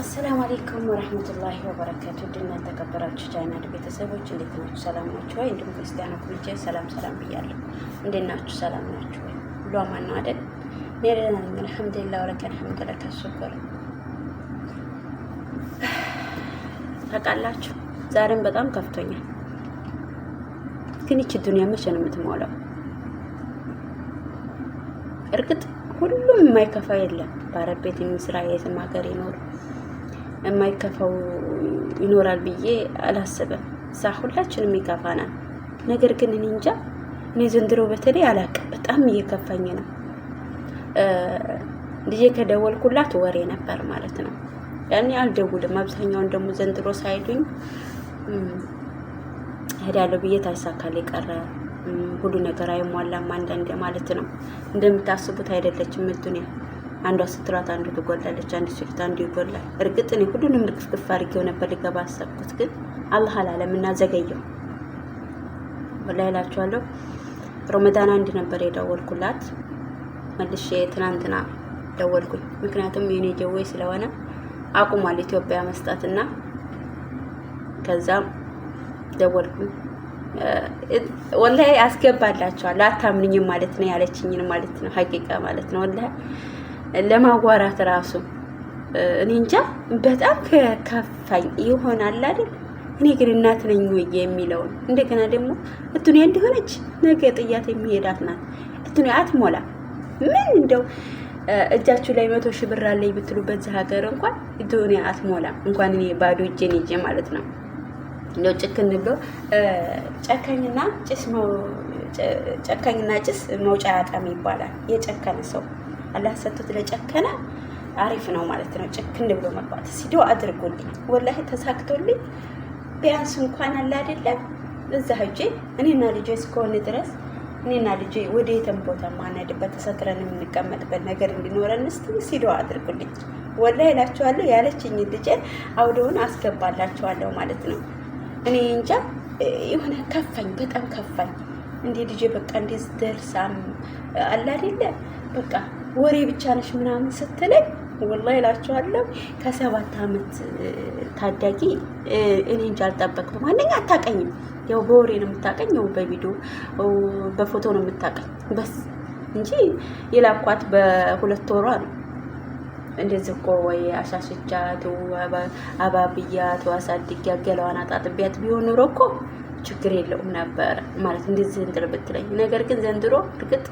አሰላሙ አሌይኩም ወረህመቱላሂ ወበረካቱ ድና የተከበራችሁ ቻናል ቤተሰቦች እንዴት ናችሁ? ሰላም ናችሁ ወይ? እንዲሁም ክርስቲያኖ ኩምቼ ሰላም ሰላም ብያለሁ። እንዴት ናችሁ? ሰላም ናችሁ ወይ? ሁሉ አማን ነው አይደል? እኔ ደህና ነኝ። አልሐምዱሊላህ ወለከል ሐምድ ለከ ሹክር። ታውቃላችሁ ዛሬም በጣም ከፍቶኛል። ግን ይቺ ዱንያ መቼ ነው የምትሞላው? እርግጥ ሁሉም የማይከፋ የለም። በአረብ ቤት የሚስራ የትም ሀገር ይኖር የማይከፋው ይኖራል ብዬ አላስብም። እዛ ሁላችንም ይከፋናል። ነገር ግን እኔ እንጃ እኔ ዘንድሮ በተለይ አላውቅም፣ በጣም እየከፋኝ ነው። ልጄ ከደወልኩላት ወሬ ነበር ማለት ነው። ያኔ አልደውልም። አብዛኛውን ደግሞ ዘንድሮ ሳይሉኝ እሄዳለሁ ብዬ ታይሳካል የቀረ ሁሉ ነገር አይሟላም። አንዳንዴ ማለት ነው እንደምታስቡት አይደለችም ምዱንያ አንዷ ስትሏት አንዱ ትጎላለች፣ አንዱ ሲሉት አንዱ ይጎላል። እርግጥ እኔ ሁሉንም ርክፍክፍ አድርጌው ነበር ሊገባ አሰብኩት፣ ግን አላህ አላለም እና ዘገየው። ወላሂ እላችኋለሁ። አንድ ነበር የደወልኩላት መልሼ ትናንትና ደወልኩኝ። ምክንያቱም የኔ ጀወይ ስለሆነ አቁሟል ኢትዮጵያ መስጣትና ከዛም ደወልኩኝ። ወላሂ አስገባላችኋለሁ አታምንኝም ማለት ነው ያለችኝን ማለት ነው ሀቂቃ ማለት ነው ወላሂ ለማዋራት ራሱ እኔ እንጃ በጣም ከከፋኝ ይሆናል አይደል? እኔ ግን እናት ነኝ ወይ የሚለውን እንደገና ደግሞ እዱንያ እንደሆነች ነገ ጥያት የሚሄዳት ናት። እዱንያ አትሞላ ምን እንደው እጃችሁ ላይ መቶ ሺህ ብር አለኝ ብትሉ በዚህ ሀገር እንኳን እዱንያ አትሞላ። እንኳን እኔ ባዶ እጄን ይዤ ማለት ነው። እንደው ጭክን ብሎ ጨካኝና ጭስ ጨካኝና ጭስ መውጫ ያጣም ይባላል የጨከነ ሰው አላህ ሰጥቶት ለጨከነ አሪፍ ነው ማለት ነው። ጭክን ብሎ መግባት ሲዶ አድርጎልኝ ወላሂ ተሳክቶልኝ ቢያንስ እንኳን አለ አይደለም እዛ ሂጄ እኔና ልጄ እስከሆነ ድረስ እኔና ልጄ ወደ የትም ቦታ ማናድበት ተሰትረን የምንቀመጥበት ነገር እንዲኖረን እስቲ ሲዶ አድርጉልኝ። ወላሂ እላችኋለሁ ያለችኝ ልጄ አውደውን አስገባላችኋለሁ ማለት ነው። እኔ እንጃ የሆነ ከፋኝ፣ በጣም ከፋኝ። እንዴ ልጄ በቃ እንዴ ደርሳም አለ አይደለ በቃ ወሬ ብቻ ነሽ ምናምን ስትለኝ ወላሂ እላችኋለሁ ከሰባት ዓመት ታዳጊ እኔ እንጂ አልጠበቅኩም። አንደኛ አታቀኝም፣ ያው በወሬ ነው የምታቀኝ፣ ያው በቪዲዮ በፎቶ ነው የምታቀኝ በስ እንጂ የላኳት በሁለት ወሯ ነው። እንደዚህ እኮ ወይ አሻሽቻት አባብያት አሳድጊያት ገላዋን አጣጥቢያት ቢሆን ኑሮ እኮ ችግር የለውም ነበር ማለት እንደዚህ እንትን ብትለኝ። ነገር ግን ዘንድሮ እርግጥ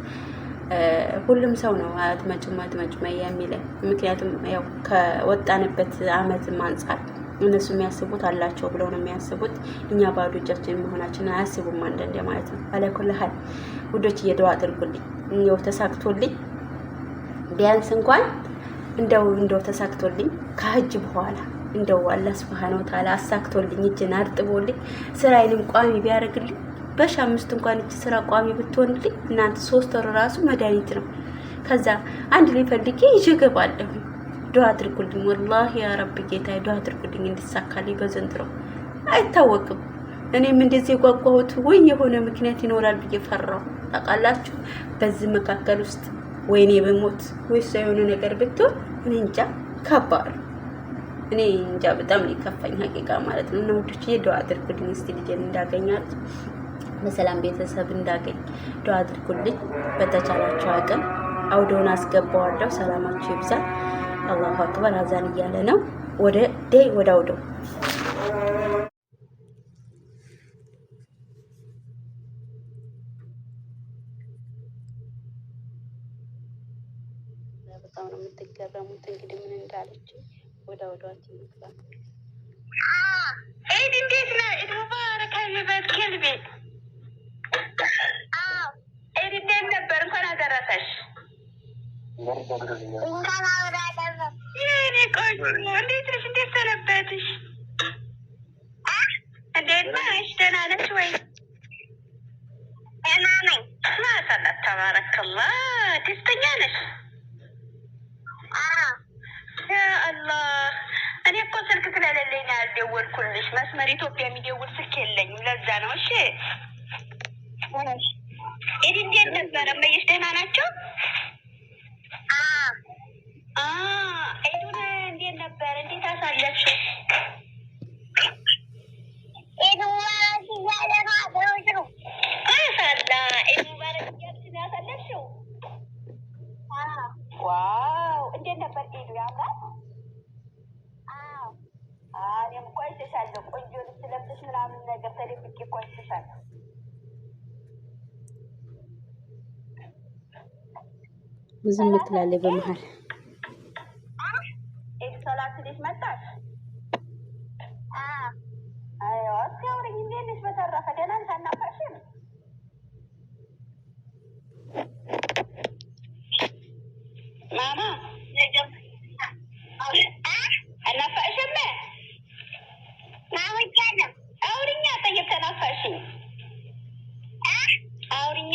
ሁሉም ሰው ነው አትመጭም አትመጭም የሚለን። ምክንያቱም ያው ከወጣንበት አመትም አንጻር እነሱ የሚያስቡት አላቸው ብለው ነው የሚያስቡት። እኛ ባዶ እጃችን መሆናችን አያስቡም አንዳንዴ ማለት ነው። አለኩልሃል ውዶች እየደዋ አድርጉልኝ ያው ተሳክቶልኝ ቢያንስ እንኳን እንደው እንደው ተሳክቶልኝ ከህጅ በኋላ እንደው አላህ ሱብሃነሁ ወተዓላ አሳክቶልኝ እጅን አርጥቦልኝ ስራዬንም ቋሚ ቢያደርግልኝ በሺ አምስት እንኳን እጅ ስራ ቋሚ ብትሆንልኝ እናንተ ሶስት ወር ራሱ መድኃኒት ነው። ከዛ አንድ ላይ ፈልጌ ይዤ እገባለሁ። ዱዓ አድርጉልኝ፣ ወላሂ ያ ረብ ጌታ ዱዓ አድርጉልኝ እንዲሳካልኝ በዘንድሮ አይታወቅም። እኔም እንደዚህ የጓጓሁት ወይ የሆነ ምክንያት ይኖራል ብዬ ፈራሁ። ታውቃላችሁ፣ በዚህ መካከል ውስጥ ወይኔ በሞት ወይ እሷ የሆነ ነገር ብትሆን እኔ እንጃ፣ ከባድ እኔ እንጃ። በጣም ሊከፋኝ ሀቂቃ ማለት ነው። እና ውዶች ዱዓ አድርጉልኝ እስቲ ልጄን እንዳገኛለሁ። በሰላም ቤተሰብ እንዳገኝ ዶ አድርጉልኝ። በተቻላቸው አቅም አውዶውን አስገባዋለሁ። ሰላማችሁ ይብዛ። አላሁ አክበር አዛን እያለ ነው። ወደ ደይ ወደ አውዶ በጣም ነው የምትገረሙት። እንግዲህ ምን እንዳለች ወደ አውዶዋችን ይግባ። ኢድ እንዴት ነው? ኢድ ሙባረክ። ደረሰሽ? ደስተኛ ነሽ? ያአላህ እኮ ስልክ ስለሌለኝ ያልደወልኩልሽ። መስመር ኢትዮጵያ የሚደውል ስልክ የለኝም። ለዛ ነው። እሺ ኢድ እንዴት ነበረ? እመዬስ ደህና ናቸው? ኢዱን እንዴት ነበር? እንዴት አሳለፍሽ? ዝም ትላለች በመሀል አውሪኛ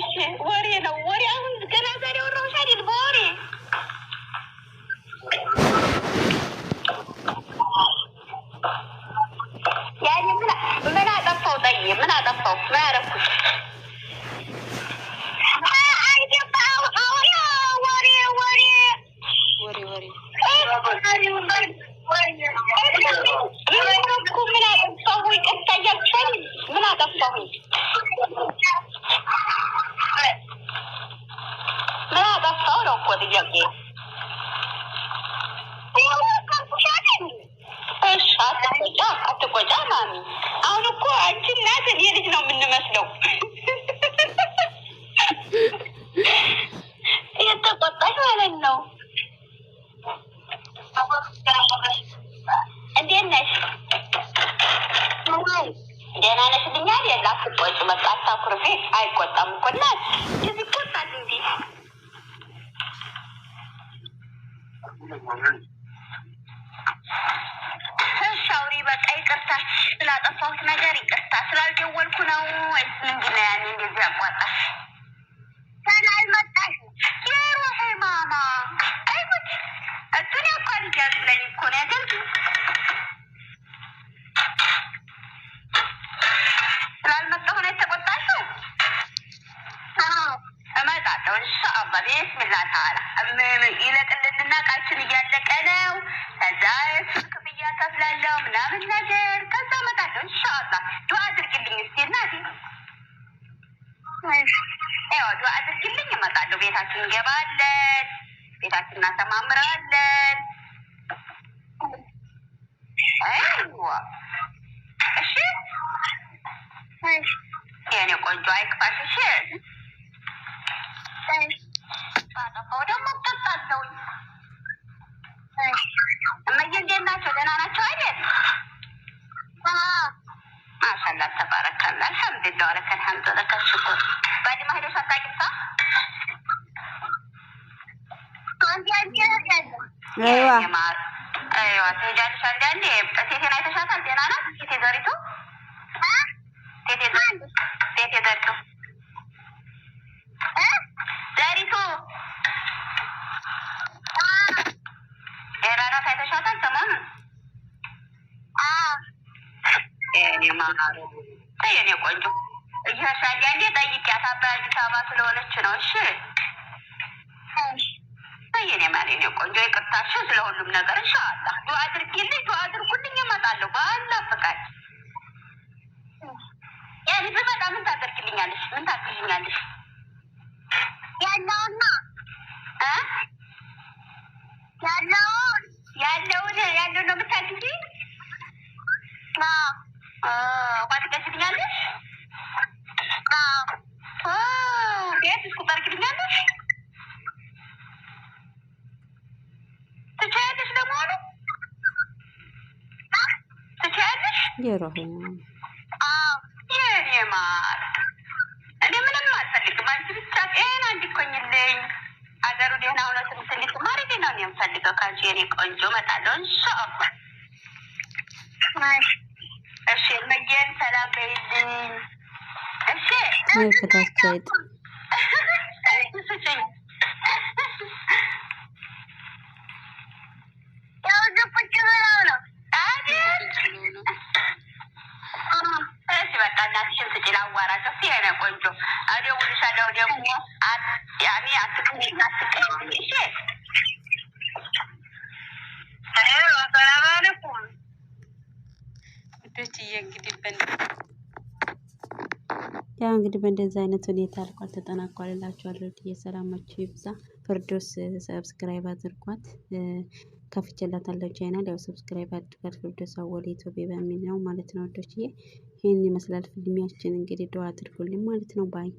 እሺ ወሬ ነው ወሬ። አሁን ገና ዛሬ ወራውሽ አይደል? በወሬ ያኔ ምን ምን አጠፋው? ጠይ ምን አጠፋው? ምን አረኩሽ? ምን አጠፋሁ? ይቅርታሽ ስላጠፋሁት ነገር ይቅርታ ስላልደወልኩ ነው ወይስ ምንድን ነው? ያኔ እንደዚህ ያቋጣሽ ይለቅልንና ቃችን እያለቀ ነው ከዛ አስተፍላለሁ ምናምን ነገር ከዛ መጣለሁ እንሻአላ ዱዓ አድርግልኝ እስቲ እናቴ ያው ዱዓ አድርግልኝ እመጣለሁ። ቤታችን እንገባለን፣ ቤታችን እናሰማምራለን። እሺ የኔ ቆንጆ አይክፋሽ። እሺ ደግሞ ጠጣለውኝ እመዬ እንዴት ናቸው? ደህና ናቸው አይደል? ማሻላ ተባረካላ። አልሐምዱላ ወለከ ልሐምዱላ ተሽኩር ባዲ ማሄዶች አታቂሳ ዋ ትሄጃለሽ አንዳንዴ ሴቴን አይተሻታል? ደህና ናት ሴቴ ዘሪቱ የኔ ቆንጆ እየሳል ያኔ ጠይቂያት አዲስ አበባ ስለሆነች ነው። እሺ የኔ ማር የኔ ቆንጆ ይቅርታሽ ስለሁሉም ነገር እንሻላ ዱ አድርጊልኝ፣ ዱ አድርጉልኝ። እመጣለሁ በአላ ፈቃድ ያኔ ብመጣ ምን ታደርግልኛለሽ? ምን ታግዝኛለሽ? ያለውና ያለውን ያለውን ነው የምታግዢ Uh, eh, pasti kasih ringan Nah, ah, ya disku tarik ringan Tercenis dah mau Tercenis? Ya rohnya. Ah, ya ya mar. Nah, Ada mana masa di kemarin cerita, eh nanti kau nyedeng. Agar udah nauna sendiri kemarin dia nauna yang tadi kau kaji ini konjo mata don shop Mas. እሺ መየን ሰላም በይልኝ። እሺ ማይከታቸውት ቆንጆ አደውልሻለሁ ደግሞ ያኔ አትቅኝ አትቀኝ እሺ ያው እንግዲህ በእንደዚህ አይነት ሁኔታ አልቋል ተጠናቋል። እላችኋለሁ የሰላማችሁ ይብዛ። ፍርዶስ ሰብስክራይብ አድርጓት ከፍቼላታለሁ ቻናል። ያው ሰብስክራይብ አድርጓት ፍርዶስ አወል ኢትዮጵያ በሚል ነው ማለት ነው ወዶችዬ። ይህን ይመስላል ፍልሚያችን። እንግዲህ ዱአ አድርጉልኝ ማለት ነው ባይ